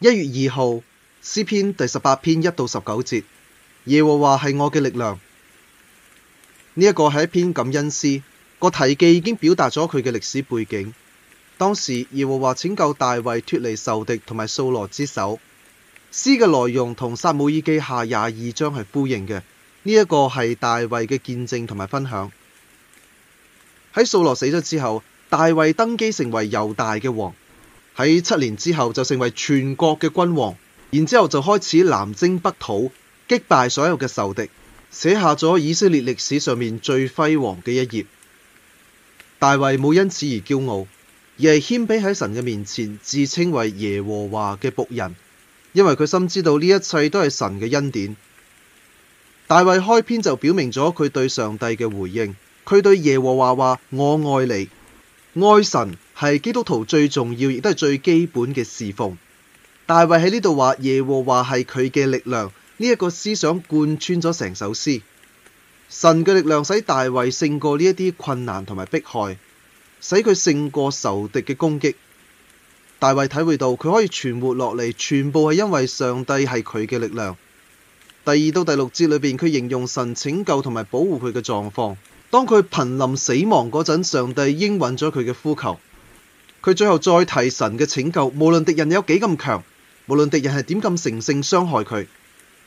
一月二號，詩篇第十八篇一到十九節，耶和華係我嘅力量。呢、這、一個係一篇感恩詩，個題記已經表達咗佢嘅歷史背景。當時耶和華拯救大衛脫離仇敵同埋掃羅之手。詩嘅內容同撒母耳記下廿二章係呼應嘅。呢、這、一個係大衛嘅見證同埋分享。喺掃羅死咗之後，大衛登基成為猶大嘅王。喺七年之後就成為全國嘅君王，然之後就開始南征北討，擊敗所有嘅仇敵，寫下咗以色列歷史上面最輝煌嘅一頁。大衛冇因此而驕傲，而係謙卑喺神嘅面前，自稱為耶和華嘅僕人，因為佢深知道呢一切都係神嘅恩典。大衛開篇就表明咗佢對上帝嘅回應，佢對耶和華話：我愛你，愛神。係基督徒最重要，亦都係最基本嘅侍奉。大衛喺呢度話耶和華係佢嘅力量，呢一個思想貫穿咗成首詩。神嘅力量使大衛勝過呢一啲困難同埋迫害，使佢勝過仇敵嘅攻擊。大衛體會到佢可以存活落嚟，全部係因為上帝係佢嘅力量。第二到第六節裏邊，佢形容神拯救同埋保護佢嘅狀況。當佢瀕臨死亡嗰陣，上帝應允咗佢嘅呼求。佢最後再提神嘅拯救，無論敵人有幾咁強，無論敵人係點咁乘勢傷害佢，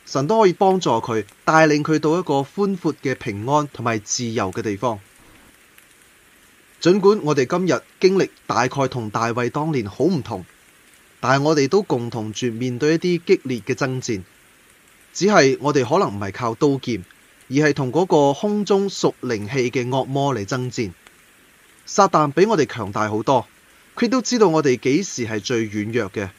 神都可以幫助佢，帶領佢到一個寬闊嘅平安同埋自由嘅地方。盡管我哋今日經歷大概同大衛當年好唔同，但係我哋都共同住面對一啲激烈嘅爭戰，只係我哋可能唔係靠刀劍，而係同嗰個空中屬靈氣嘅惡魔嚟爭戰。撒旦比我哋強大好多。佢都知道我哋幾時係最軟弱嘅，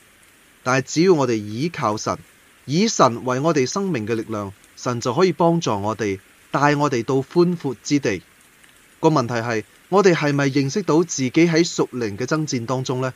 但係只要我哋倚靠神，以神為我哋生命嘅力量，神就可以幫助我哋，帶我哋到寬闊之地。個問題係，我哋係咪認識到自己喺屬靈嘅爭戰當中呢？